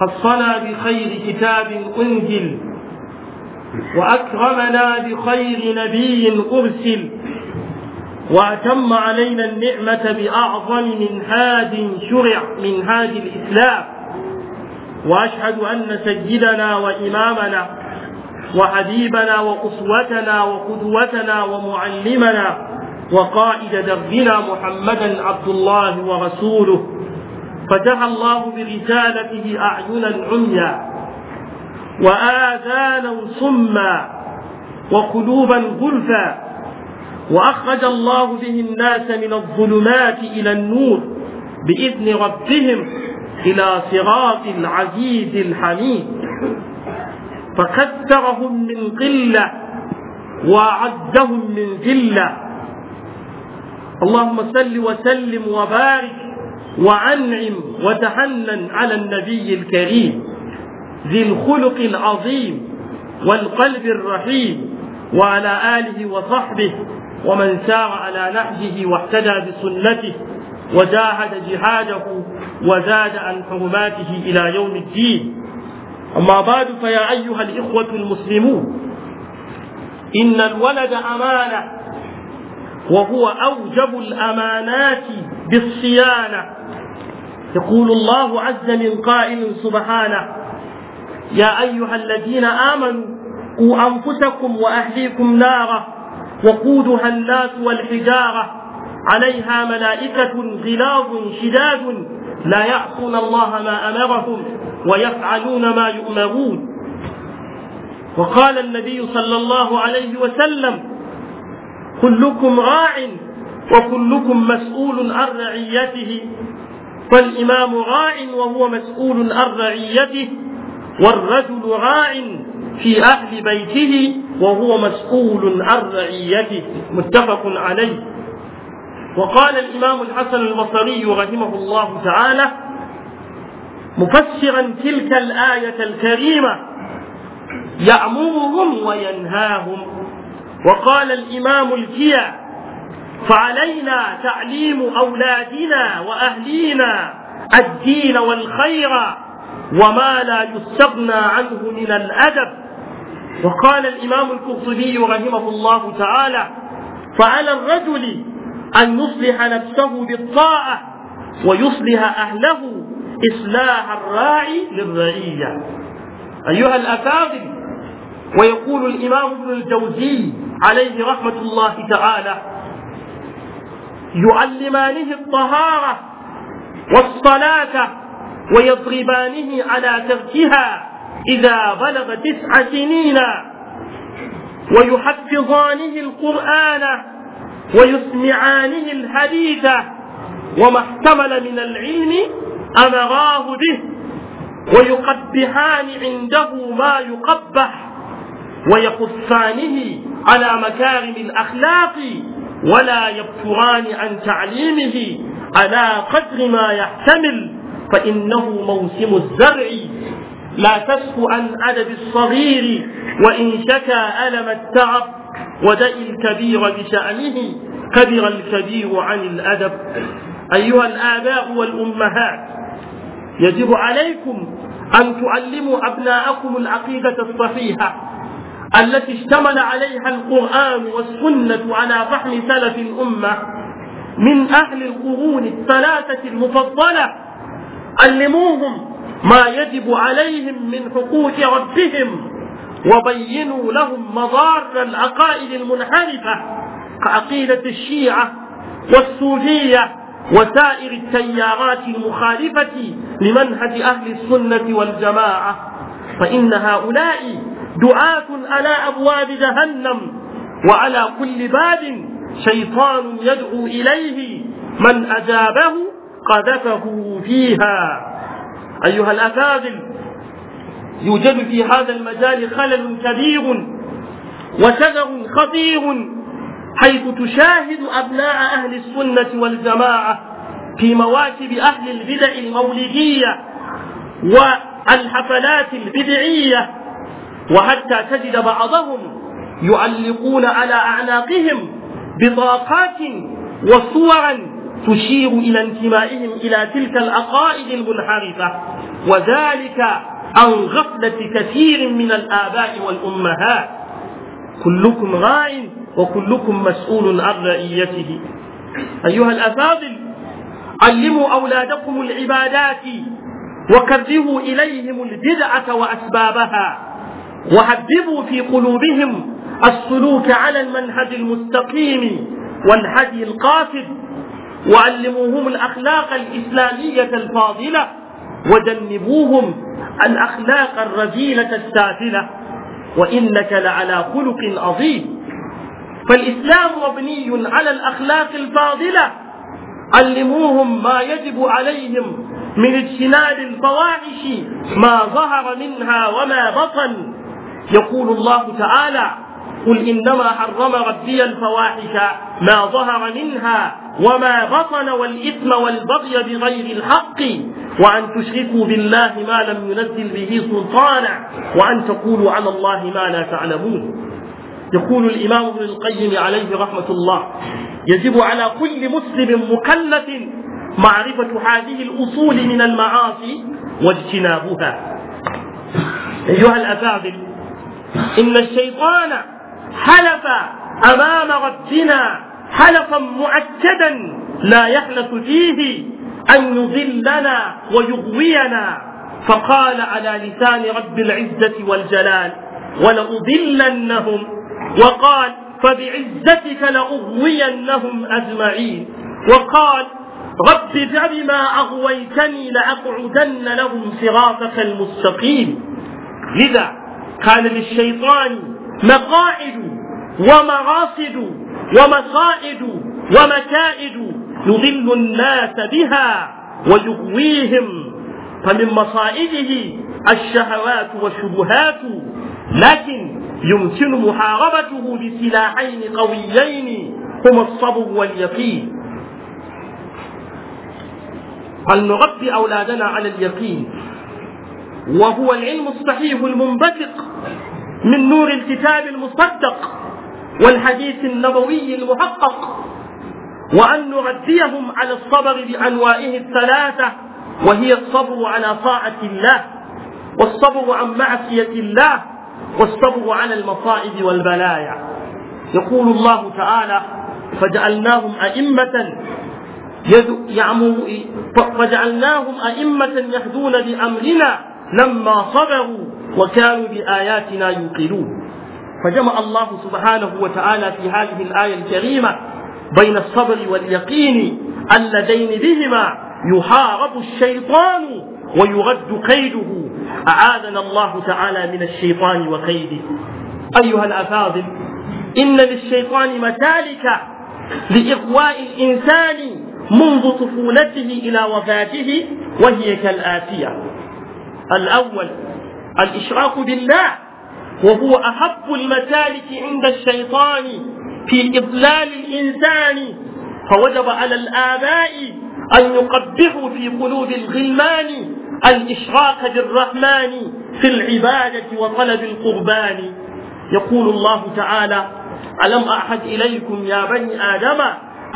خصنا بخير كتاب أنزل وأكرمنا بخير نبي أرسل وأتم علينا النعمة بأعظم منهاج شرع منهاج الإسلام وأشهد أن سيدنا وإمامنا وحبيبنا وأسوتنا وقدوتنا ومعلمنا وقائد دربنا محمدا عبد الله ورسوله فدعا الله برسالته أعينا عميا وآذانا صما وقلوبا غلفا وأخرج الله به الناس من الظلمات إلى النور بإذن ربهم إلى صراط العزيز الحميد فكثرهم من قلة وأعدهم من ذلة اللهم سل وسلم وبارك وأنعم وتحنن على النبي الكريم ذي الخلق العظيم والقلب الرحيم وعلى آله وصحبه ومن سار على نهجه واهتدى بسنته وجاهد جهاده وزاد عن حرماته إلى يوم الدين أما بعد فيا أيها الإخوة المسلمون إن الولد أمانة وهو أوجب الأمانات بالصيانة يقول الله عز من قائل سبحانه يا أيها الذين آمنوا قوا أنفسكم وأهليكم نارا وقودها الناس والحجارة عليها ملائكة غلاظ شداد لا يعصون الله ما أمرهم ويفعلون ما يؤمرون وقال النبي صلى الله عليه وسلم كلكم راع وكلكم مسؤول عن رعيته فالإمام راع وهو مسؤول عن رعيته والرجل راع في أهل بيته وهو مسؤول عن رعيته متفق عليه وقال الإمام الحسن البصري رحمه الله تعالى مفسرا تلك الآية الكريمة يأمرهم وينهاهم وقال الإمام الكيع فعلينا تعليم أولادنا وأهلينا الدين والخير وما لا يستغنى عنه من الأدب وقال الإمام القرطبي رحمه الله تعالى فعلى الرجل أن يصلح نفسه بالطاعة ويصلح أهله إصلاح الراعي للرعية أيها الأكابر ويقول الإمام ابن الجوزي عليه رحمة الله تعالى يعلمانه الطهارة والصلاة ويضربانه على تركها إذا بلغ تسع سنين ويحفظانه القرآن ويسمعانه الحديث وما احتمل من العلم أمراه به ويقبحان عنده ما يقبح ويقصانه على مكارم الأخلاق ولا يكفران عن تعليمه على قدر ما يحتمل فإنه موسم الزرع لا تسكو عن أدب الصغير وإن شكا ألم التعب ودئ الكبير بشأنه كبر الكبير عن الأدب أيها الآباء والأمهات يجب عليكم أن تعلموا أبناءكم العقيدة الصحيحة التي اشتمل عليها القرآن والسنة على فهم سلف الأمة من أهل القرون الثلاثة المفضلة علموهم ما يجب عليهم من حقوق ربهم وبينوا لهم مضار العقائد المنحرفة كعقيدة الشيعة والسوفية وسائر التيارات المخالفة لمنهج أهل السنة والجماعة فإن هؤلاء دعاة على أبواب جهنم وعلى كل باب شيطان يدعو إليه من أجابه قذفه فيها أيها الأفاضل يوجد في هذا المجال خلل كبير وشذر خطير حيث تشاهد أبناء أهل السنة والجماعة في مواكب أهل البدع المولدية والحفلات البدعية وحتى تجد بعضهم يعلقون على اعناقهم بطاقات وصورا تشير الى انتمائهم الى تلك العقائد المنحرفه وذلك عن غفله كثير من الاباء والامهات كلكم راع وكلكم مسؤول عن رعيته ايها الافاضل علموا اولادكم العبادات وكرهوا اليهم البدعه واسبابها وحببوا في قلوبهم السلوك على المنهج المستقيم والهدي القاصد وعلموهم الاخلاق الاسلاميه الفاضله وجنبوهم الاخلاق الرذيله السافله وانك لعلى خلق عظيم فالاسلام مبني على الاخلاق الفاضله علموهم ما يجب عليهم من اجتناب الفواحش ما ظهر منها وما بطن يقول الله تعالى قل إنما حرم ربي الفواحش ما ظهر منها وما بطن والإثم والبغي بغير الحق وأن تشركوا بالله ما لم ينزل به سلطانا وأن تقولوا على الله ما لا تعلمون يقول الإمام ابن القيم عليه رحمة الله يجب على كل مسلم مكلف معرفة هذه الأصول من المعاصي واجتنابها أيها الأفاضل إن الشيطان حلف أمام ربنا حلفا مؤكدا لا يحلف فيه أن يذلنا ويغوينا فقال على لسان رب العزة والجلال ولأضلنهم وقال فبعزتك لأغوينهم أجمعين وقال رب فبما أغويتني لأقعدن لهم صراطك المستقيم لذا قال للشيطان مقاعد ومراصد ومصائد ومكائد يضل الناس بها ويغويهم فمن مصائده الشهوات والشبهات لكن يمكن محاربته بسلاحين قويين هما الصبر واليقين أن نربي أولادنا على اليقين وهو العلم الصحيح المنبثق من نور الكتاب المصدق والحديث النبوي المحقق وأن نغذيهم على الصبر بأنوائه الثلاثة وهي الصبر على طاعة الله والصبر عن معصية الله والصبر على المصائب والبلايا يقول الله تعالى فجعلناهم أئمة يعمو فجعلناهم أئمة يهدون بأمرنا لما صبروا وكانوا بآياتنا يوقنون فجمع الله سبحانه وتعالى في هذه الآية الكريمة بين الصبر واليقين اللذين بهما يحارب الشيطان ويرد كيده أعاذنا الله تعالى من الشيطان وكيده أيها الأفاضل إن للشيطان متالك لإغواء الإنسان منذ طفولته إلى وفاته وهي كالآتية الأول الإشراك بالله وهو أحب المسالك عند الشيطان في إضلال الإنسان فوجب على الآباء أن يقبحوا في قلوب الغلمان الإشراك بالرحمن في العبادة وطلب القربان يقول الله تعالى ألم أعهد إليكم يا بني آدم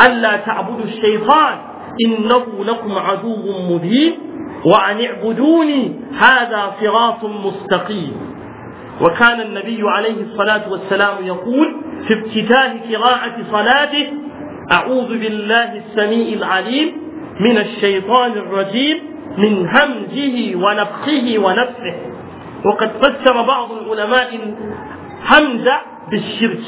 ألا تعبدوا الشيطان إنه لكم عدو مبين وأن اعبدوني هذا صراط مستقيم وكان النبي عليه الصلاة والسلام يقول في ابتداء قراءة صلاته أعوذ بالله السميع العليم من الشيطان الرجيم من همزه ونفخه ونفخه وقد فسر بعض العلماء همزة بالشرك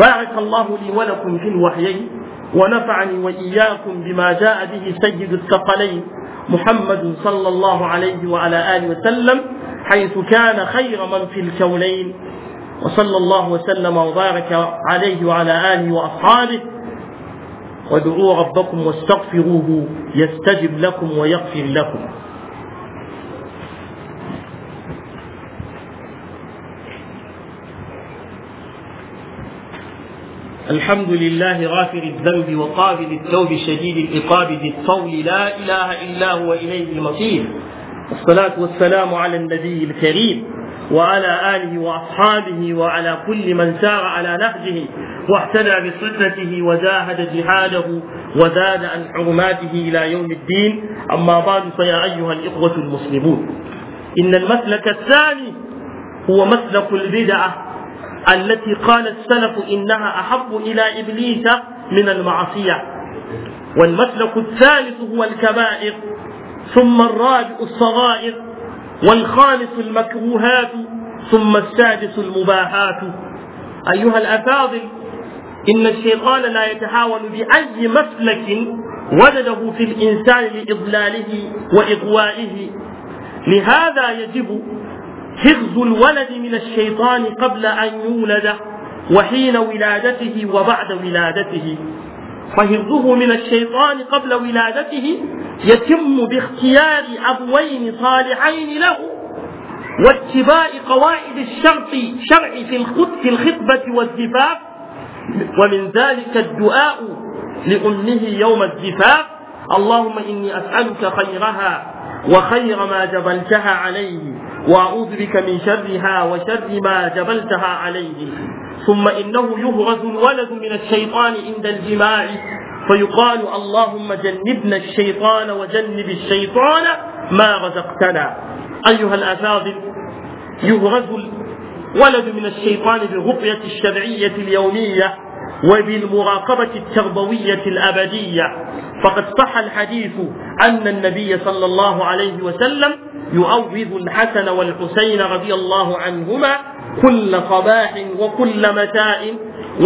بارك الله لي ولكم في الوحيين ونفعني وإياكم بما جاء به سيد الثقلين محمد صلى الله عليه وعلى آله وسلم حيث كان خير من في الكونين وصلى الله وسلم وبارك عليه وعلى آله وأصحابه وادعوا ربكم واستغفروه يستجب لكم ويغفر لكم الحمد لله غافر الذنب وقابل التوب شديد العقاب ذي الطول لا اله الا هو اليه المصير الصلاة والسلام على النبي الكريم وعلى اله واصحابه وعلى كل من سار على نهجه واهتدى بسنته وجاهد جهاده وزاد عن حرماته الى يوم الدين اما بعد فيا ايها الاخوه المسلمون ان المسلك الثاني هو مسلك البدعه التي قال السلف إنها أحب إلى إبليس من المعصية والمسلك الثالث هو الكبائر ثم الرابع الصغائر والخامس المكروهات ثم السادس المباحات أيها الأفاضل إن الشيطان لا يتحاول بأي مسلك وجده في الإنسان لإضلاله وإغوائه لهذا يجب حفظ الولد من الشيطان قبل أن يولد وحين ولادته وبعد ولادته فحفظه من الشيطان قبل ولادته يتم باختيار أبوين صالحين له واتباع قواعد الشرع شرع في الخطبة والزفاف ومن ذلك الدعاء لأمه يوم الزفاف اللهم إني أسألك خيرها وخير ما جبلتها عليه وأعوذ بك من شرها وشر ما جبلتها عليه ثم إنه يهرز الولد من الشيطان عند الجماع فيقال اللهم جنبنا الشيطان وجنب الشيطان ما رزقتنا أيها الأفاضل يهرز الولد من الشيطان بالرقية الشرعية اليومية وبالمراقبة التربوية الأبدية فقد صح الحديث أن النبي صلى الله عليه وسلم يعوض الحسن والحسين رضي الله عنهما كل صباح وكل مساء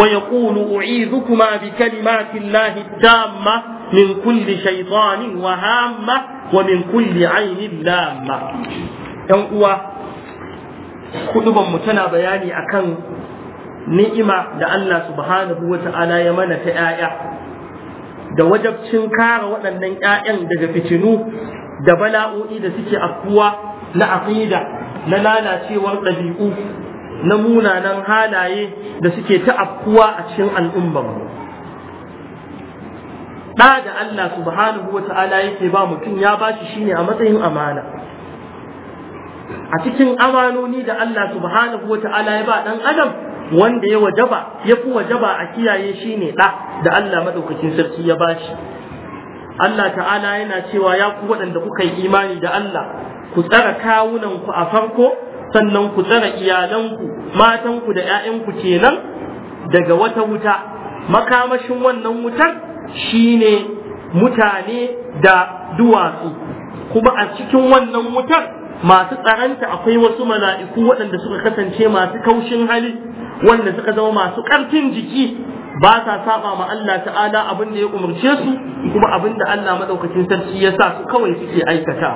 ويقول أعيذكما بكلمات الله التامة من كل شيطان وهامة ومن كل عين لامة. 'yan uwa, kuɗuban mu tana ni'ima da Allah subhanahu wa ta'ala ya mana ta ‘ya'ya, da wajabcin kare waɗannan ‘ya'yan daga fitinu da bala'o'i da suke afkuwa na aqida na lalacewar ɗabi'u na munanan halaye da suke ta afkuwa a cikin al'ummarmu. ɗa da Allah subhanahu wa ta'ala yake ba mutum ya ba shi shine a matsayin amana. A cikin amanoni da Allah subhanahu wa ta'ala ya ba ɗan adam wanda ya wajaba ya fi wajaba a kiyaye shi ne ɗa da Allah maɗaukacin sarki ya bashi Allah ta'ala yana cewa ya ku waɗanda kuka yi imani da Allah ku tsara kawunanku a farko sannan ku tsara iyalanku matanku da 'ya'yanku kenan daga wata wuta makamashin wannan wutar shine mutane da duwatsu kuma a cikin wannan wutar masu tsaranta akwai wasu mala'iku waɗanda suka kasance masu kaushin hali wanda suka zama masu ƙarfin jiki ba sa saba ma Allah ta'ala abin da ya umarce su kuma abin da Allah madaukakin sarki ya sa su kawai suke aikata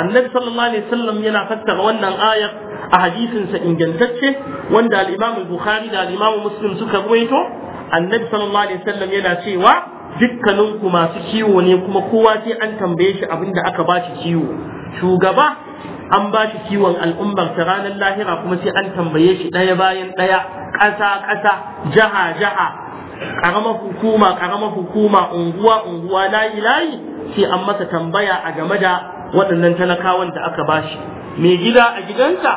annabi sallallahu alaihi wasallam yana fassara wannan ayar a hadisin sa ingantacce wanda al-Imam Bukhari da al-Imam Muslim suka ruwaito annabi sallallahu alaihi wasallam yana cewa dukkaninku masu kiwo ne kuma kowa sai an tambaye shi abin da aka ba shi kiwo shugaba an ba shi kiwon al'ummar ta ranar lahira kuma sai an tambaye shi ɗaya bayan ɗaya ƙasa ƙasa jaha jaha ƙaramar hukuma ƙaramar hukuma unguwa unguwa layi layi sai an masa tambaya a game da waɗannan talakawan da aka ba shi mai gida a gidansa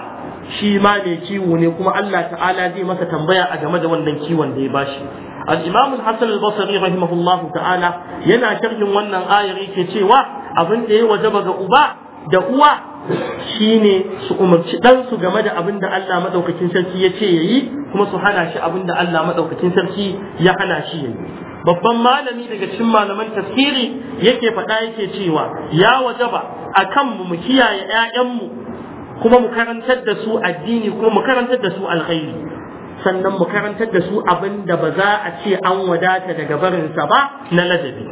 shi ma mai kiwo ne kuma Allah ta'ala zai masa tambaya a game da wannan kiwon da ya ba shi الإمام الحسن البصري رحمه الله تعالى ينا شرح ونن آية كتوى أبن إيه ga Uba. da uwa shine su umarci Dan su game da abin da Allah maɗaukakin sarki ya ce yayi kuma su hana shi abin da Allah maɗaukakin sarki ya hana shi ya babban malami daga cikin malaman tafsiri yake faɗa yake cewa ya wajaba akan mu kiyaye 'ya'yanmu kuma mu karantar da su addini kuma mu karantar da su alkhairi sannan mu karantar da su abin da ba za a ce an wadata daga barinsa ba na ladabi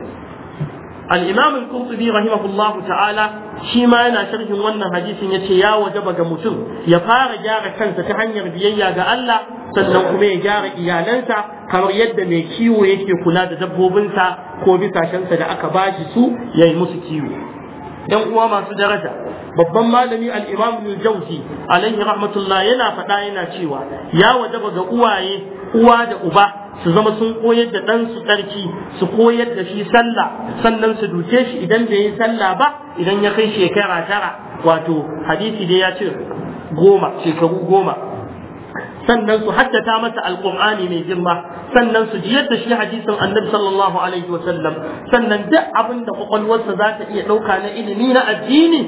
al-imam al-qurtubi rahimahullahu ta'ala shi ma yana sharhin wannan hadisin ce ya wajaba ga mutum ya fara gyara kansa ta hanyar biyayya ga Allah sannan kuma ya gyara iyalansa kamar yadda mai kiwo yake kula da dabbobinsa ko bisashensa da aka bashi su yayi musu kiwo dan uwa masu daraja babban malami al-imam al-jawzi alaihi rahmatullah yana faɗa yana cewa ya wajaba ga uwaye uwa da uba su zama sun koyar da ɗan su tsarki su koyar da shi sallah sannan su duke shi idan bai yi sallah ba idan ya kai shekara tara wato hadisi dai ya ce goma shekaru goma sannan su haddata masa alqur'ani mai girma sannan su jiyar da shi hadisin annabi sallallahu alaihi wa sallam sannan duk abin da kwakwalwarsa za ta iya ɗauka na ilimi na addini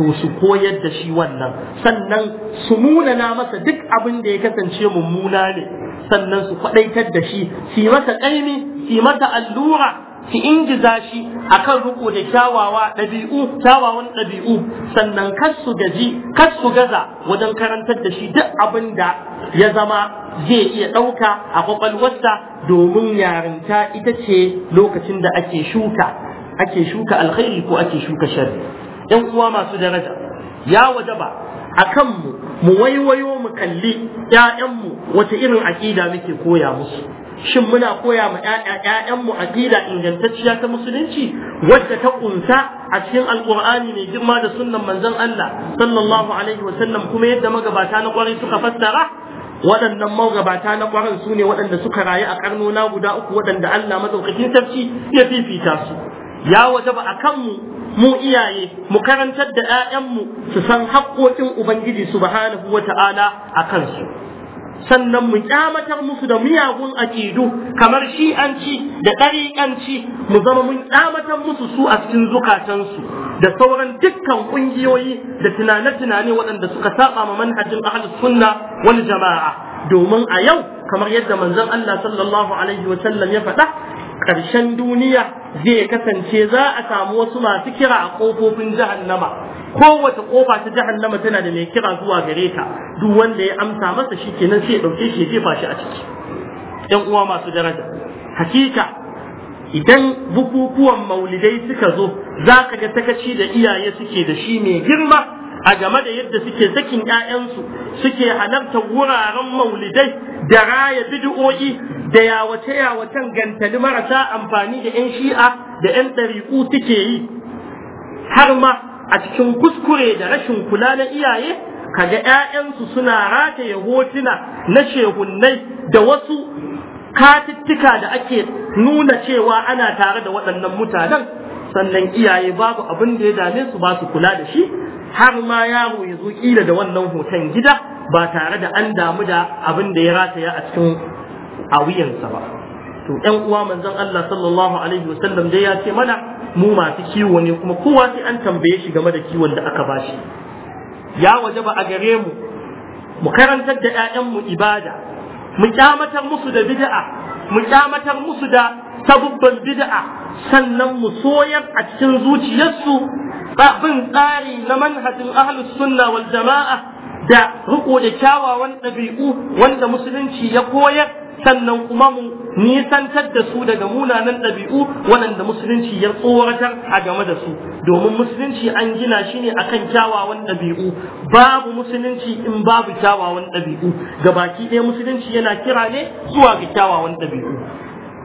to su koyar da shi wannan sannan su munana masa duk abin da ya kasance mummuna ne sannan su faɗaitar da shi su masa kaimi su masa allura su ingiza shi akan riko da kyawawa ɗabi'u kyawawan ɗabi'u sannan kar su gaji kar su gaza wajen karantar da shi duk abin da ya zama zai iya ɗauka a kwakwalwarsa domin yarinta ita ce lokacin da ake shuka ake shuka alkhairi ko ake shuka sharri yan uwa masu daraja ya wajaba a mu mu waiwayo mu kalli ƴaƴanmu wata irin aƙida muke koya musu shin muna koya ma ƴaƴanmu aƙida ingantacciya ta musulunci wadda ta ƙunsa a cikin alƙur'ani mai girma da sunnan manzon Allah sallallahu alaihi wasallam kuma yadda magabata na ƙwarai suka fassara waɗannan magabata na ƙwarai su ne waɗanda suka rayu a ƙarnona guda uku waɗanda Allah madaukakin sarki ya fifita su ya wajaba a kanmu mu iyaye mu karantar da 'ya'yanmu su san haƙƙoƙin ubangiji subhanahu wa ta'ala a kansu sannan mu ƙyamatar musu da miyagun aƙidu kamar shi'anci da ɗariƙanci mu zama mun ƙyamatar musu su a cikin zukatansu da sauran dukkan ƙungiyoyi da tunane-tunane waɗanda suka saba ma manhajin ahlus sunna wal jama'a domin a yau kamar yadda manzon Allah sallallahu alaihi wa sallam ya faɗa ƙarshen duniya zai kasance za a samu wasu masu kira a ƙofofin jahannama kowace ƙofa ta jahannama tana da mai kira zuwa gare ta duk wanda ya amsa masa shi kenan sai ya ɗauke shi ya jefa shi a ciki ɗan uwa masu daraja hakika idan bukukuwan maulidai suka zo za ka ga takaci da iyaye suke da shi mai girma a game da yadda suke sakin ‘ya'yansu suke halartar wuraren maulidai da raya bid'o'i da yawace-yawacen gantali marasa amfani da ‘yan shi'a da ‘yan ɗariƙu suke yi har ma a cikin kuskure da rashin kula na iyaye kaga ‘ya'yansu suna rataye hotuna na shehunnai da wasu katittika da ake nuna cewa ana tare da waɗannan mutanen sannan iyaye babu abin da ya dame su ba su kula da shi har ma yaro ya zo kila da wannan hoton gida ba tare da an damu da abin da ya rataya a cikin awiyansa ba to ɗan uwa manzon Allah sallallahu alaihi wasallam dai ya ce mana mu masu kiwo ne kuma kowa sai an tambaye shi game da kiwon da aka bashi ya wajaba a gare mu mu karantar da 'ya'yanmu ibada mu kyamatar musu da bid'a mu kyamatar musu da sabubban bid'a sannan mu soyar a cikin zuciyarsu bin tsari na manhajin ahlus sunna wal jama'a da riko da kyawawan ɗabi'u wanda musulunci ya koyar sannan kuma mu nisantar da su daga munanan ɗabi'u waɗanda musulunci ya tsoratar a game da su domin musulunci an gina shi ne akan kyawawan ɗabi'u babu musulunci in babu kyawawan ɗabi'u ga baki ɗaya musulunci yana kira ne zuwa ga kyawawan ɗabi'u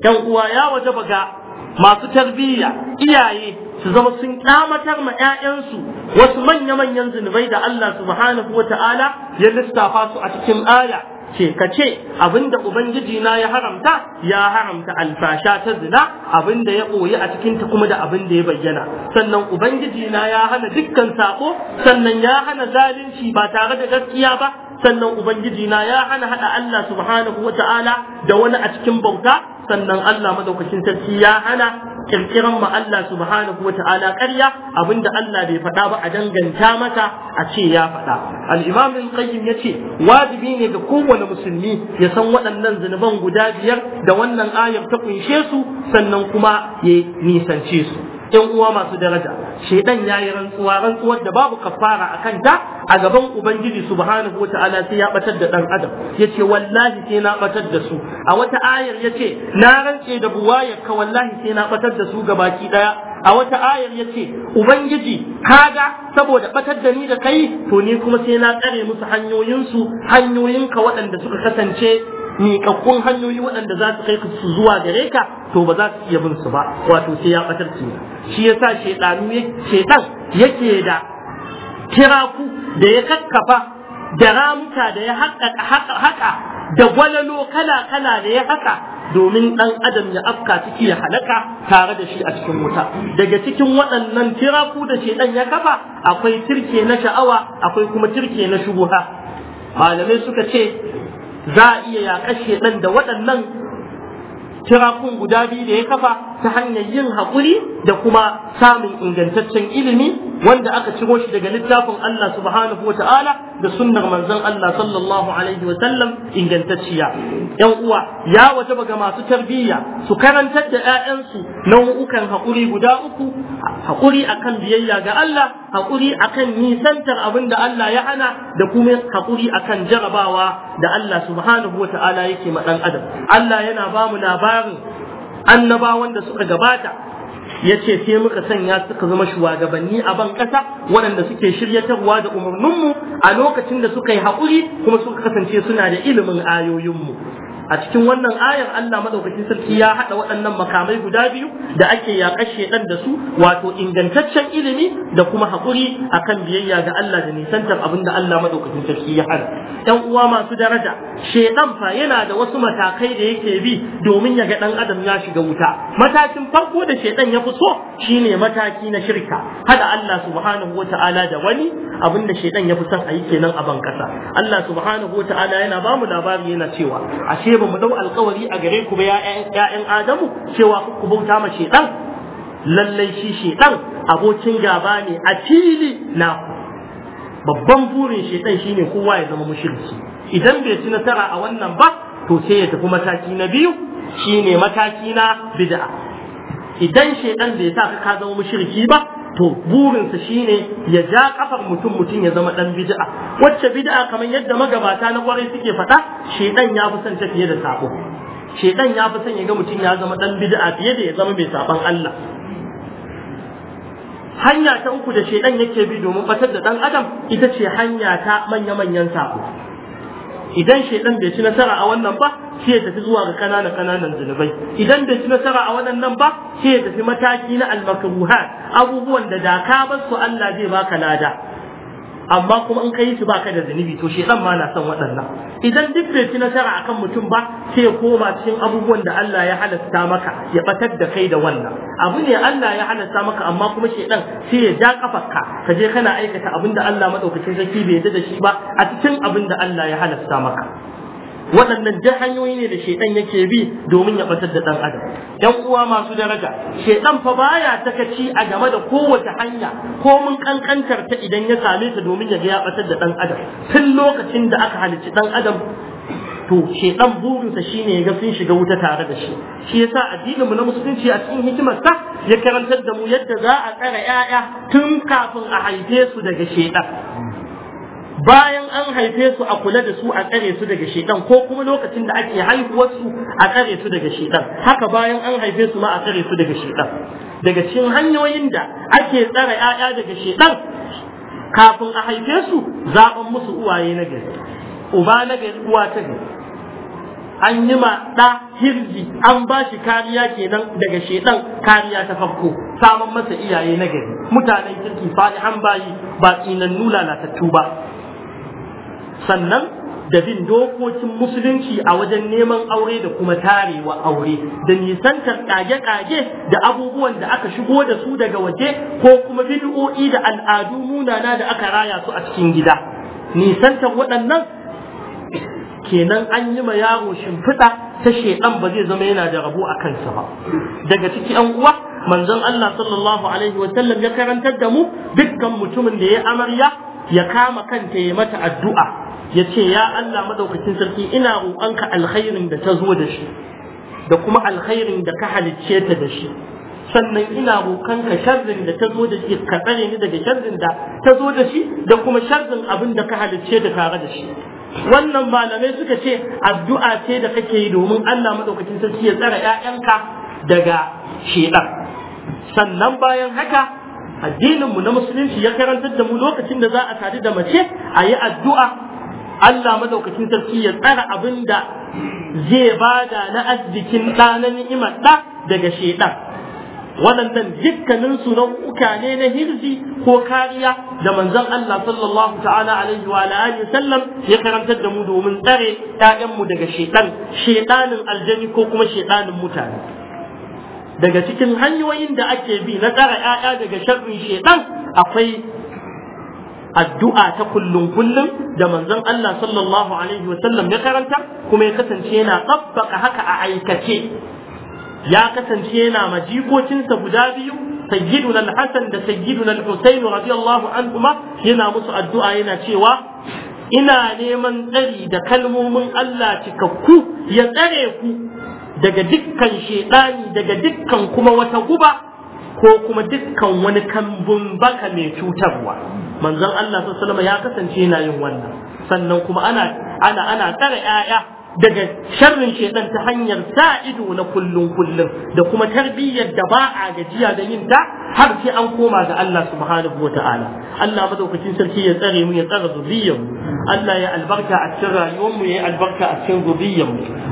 yan uwa ya waje ga masu tarbiyya iyaye su zama sun kyamatar ma 'ya'yansu wasu manya-manyan zunubai da Allah subhanahu wa ta'ala ya lissafa su a cikin aya ce ka ce abinda ubangiji na ya haramta ya haramta alfasha ta zina abinda ya koyi a cikin ta kuma da abinda ya bayyana sannan ubangiji na ya hana dukkan sako sannan ya hana zalunci ba tare da gaskiya ba sannan ubangiji na ya hana hada Allah subhanahu wa ta'ala da wani a cikin bauta sannan Allah madaukakin sarki ya hana kirkiran ma Allah subhanahu wa ta'ala ƙarya abinda Allah bai faɗa ba a danganta mata a ce ya faɗa al-imam al-qayyim yace wajibi ne ga kowane musulmi ya san waɗannan zunuban guda biyar da wannan ayar ta kunshe su sannan kuma ya nisance su yan uwa masu daraja shaidan yayi rantsuwa rantsuwar da babu kafara akan ta a gaban ubangiji subhanahu wataala sai ya batar da dan adam yace wallahi sai na batar da su a wata ayar yace na rantse da buwayar ka wallahi sai na batar da su gabaki daya a wata ayar yace ubangiji kaga saboda batar da ni da kai to ni kuma sai na tsare musu hanyoyinsu hanyoyinka waɗanda suka kasance miƙaƙƙun hanyoyi waɗanda za su kai su zuwa gare ka to ba za su iya bin su ba wato sai ya ɓatar su shi sa shaiɗanu shaiɗan yake da kiraku da ya kakkafa da ramuka da ya haƙa da gwalalo kala kala da ya haƙa domin ɗan adam ya afka ciki ya halaka tare da shi a cikin wuta daga cikin waɗannan tiraku da ɗan ya kafa akwai tirke na sha'awa akwai kuma tirke na shubuha malamai suka ce za a iya yaƙashe ɗan da waɗannan tirakun guda biyu da ya kafa ta hanyar yin haƙuri da kuma samun ingantaccen ilimi wanda aka ciro shi daga littafin Allah subhanahu wa ta'ala da sunnar manzon Allah sallallahu alaihi wa sallam ingantacciya yan uwa ya wajaba ga masu tarbiyya su karantar da 'ya'yansu nau'ukan haƙuri guda uku haƙuri akan biyayya ga Allah haƙuri akan nisantar abin da Allah ya hana da kuma haƙuri akan jarabawa da Allah subhanahu wa ta'ala yake ma ɗan adam Allah yana ba mu labarin annabawan da suka gabata ya ce sai muka sanya suka zama shugabanni a ban ƙasa waɗanda suke shiryatarwa da umarninmu a lokacin da suka yi haƙuri kuma suka kasance suna da ilimin ayoyinmu a cikin wannan ayar Allah madaukakin sarki ya hada waɗannan makamai guda biyu da ake yaƙar shedan da su wato ingantaccen ilimi da kuma haƙuri akan biyayya ga Allah da nisantar abin da Allah madaukakin sarki ya hada ɗan uwa masu daraja shedan fa yana da wasu matakai da yake bi domin ya ga ɗan adam ya shiga wuta matakin farko da shedan ya fi so shine mataki na shirka hada Allah subhanahu wata'ala da wani abin da shaidan ya fi son a yi kenan a bankasa Allah subhanahu wa ta'ala yana ba mu labari yana cewa ashe ba mu dau alkawari a gare ku ba ya'yan Adamu cewa ku bauta ma shaidan lallai shi shaidan abokin gaba ne a fili na babban burin shaidan shine kowa ya zama mushriki idan bai ci nasara a wannan ba to sai ya tafi mataki na biyu shine mataki na bid'a idan shaidan bai sa ka zama mushriki ba to burinsa shine ya ja kafar mutum mutum ya zama dan bid'a wacce bid'a kamar yadda magabata na kwarai suke faɗa shedan ya fi son ta fiye da sako shedan ya fi son ya ga mutum ya zama dan bid'a fiye da ya zama mai saban Allah hanya ta uku da shedan yake bi domin batar da dan adam ita ce hanya ta manya-manyan saƙo. idan shaidan bai ci nasara a wannan ba sai ya tafi zuwa ga kananan kananan zunubai idan bai ci nasara a waɗannan ba sai ya tafi mataki na almakruhat abubuwan da da ka bar su Allah zai baka lada amma kuma in ka yi su baka da zunubi to shedan ma na son waɗannan idan duk bai ci nasara akan mutum ba sai ya koma cikin abubuwan da Allah ya halatta maka ya batar da kai da wannan abu ne Allah ya halatta maka amma kuma shedan sai ya ja kafarka ka je kana aikata abin da Allah maɗaukacin sarki bai yarda da shi ba a cikin abin da Allah ya halatta maka waɗannan duk hanyoyi ne da shaidan yake bi domin ya batar da ɗan adam ɗan uwa masu daraja Shaiɗan fa baya takaci a game da kowace hanya ko mun kankantar ta idan ya same ta domin ya ga ya batar da ɗan adam tun lokacin da aka halicci ɗan adam to shedan burinsa shine ya ga sun shiga wuta tare da shi shi yasa addinin mu na musulunci a cikin hikimarsa ya karantar da mu yadda za a tsara 'ya'ya tun kafin a haife su daga shedan bayan an haife su a kula da su a tsare su daga shedan ko kuma lokacin da ake haihuwar su a tsare su daga shedan haka bayan an haife su ma a tsare su daga shedan daga cikin hanyoyin da ake tsare 'ya'ya daga shedan kafin a haife su zaben musu uwaye na gari uba na gari uwa ta gari an yi ma ɗa hirji an ba shi kariya kenan daga shedan kariya ta farko samun masa iyaye na gari mutanen kirki an bayi ba tsinannu lalatattu ba sannan da bin dokokin musulunci a wajen neman aure da kuma tarewa aure da nisantar kage-kage da abubuwan da aka shigo da su daga waje ko kuma bid'o'i da al'adu munana da aka raya su a cikin gida nisantar waɗannan kenan an yi ma yaro shimfiɗa ta shedan ba zai zama yana da rabo a kansa ba daga ciki an uwa manzon Allah sallallahu alaihi wa sallam ya karantar da mu dukkan mutumin da ya amarya ya kama kanta ya mata addu'a ya ce ya Allah madaukakin sarki ina roƙonka alkhairin da ta zo da shi da kuma alkhairin da ka halicce ta da shi sannan ina roƙonka sharrin da ta zo da shi ka tsare ni daga sharrin da ta zo da shi da kuma sharrin abin da ka halicce ta tare da shi wannan malamai suka ce addu'a ce da kake yi domin Allah madaukakin sarki ya tsare ƴaƴanka daga shedan sannan bayan haka addininmu na musulunci ya karantar da mu lokacin da za a sadu da mace a yi addu'a Allah madaukakin sarki ya tsara abin da zai bada na arzikin ɗa na ni'imar ɗa daga shedan waɗannan dukkanin su nau'uka ne na hirzi ko kariya da manzon Allah sallallahu ta'ala alaihi wa alihi sallam ya karantar da mu domin tsare mu daga shedan shedanin aljani ko kuma shedanin mutane daga cikin hanyoyin da ake bi na tsara ƴaƴa daga sharrin shaiɗan akwai addu'a ta kullum kullum da manzon Allah sallallahu alaihi wasallam ya karanta kuma ya kasance yana tsabbaka haka a aikace ya kasance yana majikocinsa guda biyu sayyiduna al da sayyiduna al-husayn radiyallahu anhuma yana musu addu'a yana cewa ina neman tsari da kalmomin Allah cikakku ya tsare ku daga dukkan shedani daga dukkan kuma wata guba ko kuma dukkan wani kambun baka mai cutarwa manzon Allah sallallahu ya kasance yana yin wannan sannan kuma ana ana ana tsare ƴaƴa daga sharrin shedan ta hanyar sa ido na kullun kullun da kuma tarbiyyar da ba a gajiya da yin ta har sai an koma ga Allah subhanahu wataala Allah madaukakin sarki ya tsare mu ya tsare zuriyar Allah ya albarka a cikin rayuwar mu ya albarka a cikin zuriyar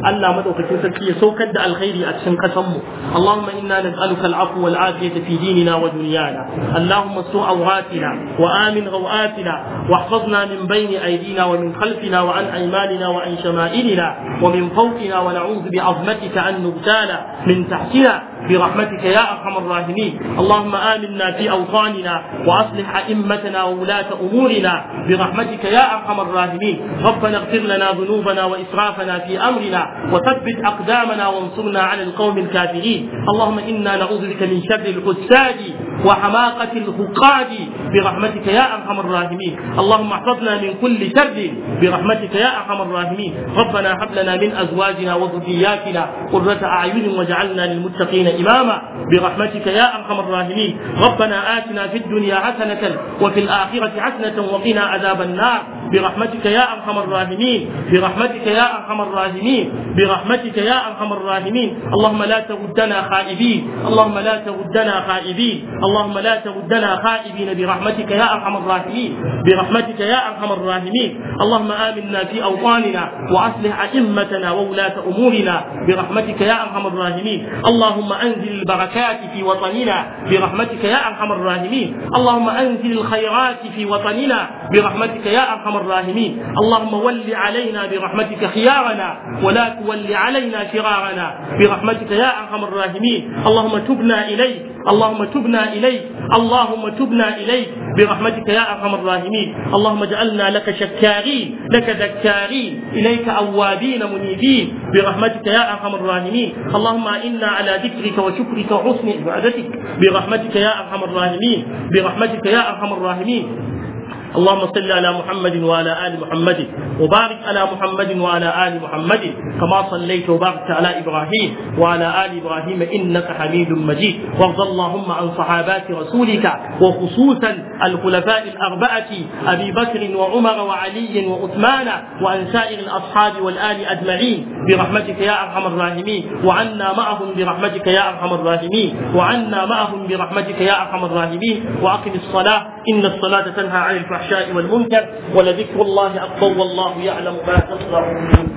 Allah madaukakin sarki ya saukar da alkhairi a cikin kasan mu Allahumma inna nas'aluka al'afwa wal afiyata fi dinina wa dunyana Allahumma su awratina wa amin ghawatina min bayni aydina rawatina واحفظنا من بين أيدينا ومن خلفنا وعن أيماننا وعن شمائلنا ومن فوقنا ونعوذ بعظمتك an nubtala min tahtina برحمتك يا أرحم الراحمين اللهم آمنا في أوطاننا وأصلح أئمتنا وولاة أمورنا برحمتك يا أرحم الراحمين ربنا اغفر لنا ذنوبنا وإسرافنا في أمرنا وثبت أقدامنا وانصرنا على القوم الكافرين اللهم إنا نعوذ بك من شر الحساد وحماقة الفقاد برحمتك يا أرحم الراحمين اللهم احفظنا من كل شر برحمتك يا أرحم الراحمين ربنا هب لنا من أزواجنا وذرياتنا قرة أعين واجعلنا للمتقين إماما برحمتك يا أرحم الراحمين ربنا آتنا في الدنيا حسنة وفي الآخرة حسنة وقنا عذاب النار برحمتك يا ارحم الراحمين برحمتك يا ارحم الراحمين برحمتك يا ارحم الراحمين اللهم لا تردنا خائبين اللهم لا تردنا خائبين اللهم لا تردنا خائبين برحمتك يا ارحم الراحمين برحمتك يا ارحم الراحمين اللهم امنا في اوطاننا واصلح ائمتنا وولاة امورنا برحمتك يا ارحم الراحمين اللهم انزل البركات في وطننا برحمتك يا ارحم الراحمين اللهم انزل الخيرات في وطننا برحمتك يا ارحم الراحمين اللهم ول علينا برحمتك خيارنا ولا تول علينا شرارنا برحمتك يا ارحم الراحمين اللهم تبنا اليك اللهم تبنا اليك اللهم تبنا اليك برحمتك يا ارحم الراحمين اللهم اجعلنا لك شكارين لك ذكارين اليك اوابين منيبين برحمتك يا ارحم الراحمين اللهم انا على ذكرك وشكرك وحسن عبادتك برحمتك يا ارحم الراحمين برحمتك يا ارحم الراحمين اللهم صل على محمد وعلى آل محمد وبارك على محمد وعلى آل محمد كما صليت وباركت على إبراهيم وعلى آل إبراهيم إنك حميد مجيد وارض اللهم عن صحابات رسولك وخصوصا الخلفاء الأربعة أبي بكر وعمر وعلي وعثمان وعن سائر الأصحاب والآل أجمعين برحمتك يا أرحم الراحمين وعنا معهم برحمتك يا أرحم الراحمين وعنا معهم برحمتك يا أرحم الراحمين وأقم الصلاة إن الصلاة تنهى عن الفعل. الفحشاء والمنكر ولذكر الله أكبر والله يعلم ما تصنعون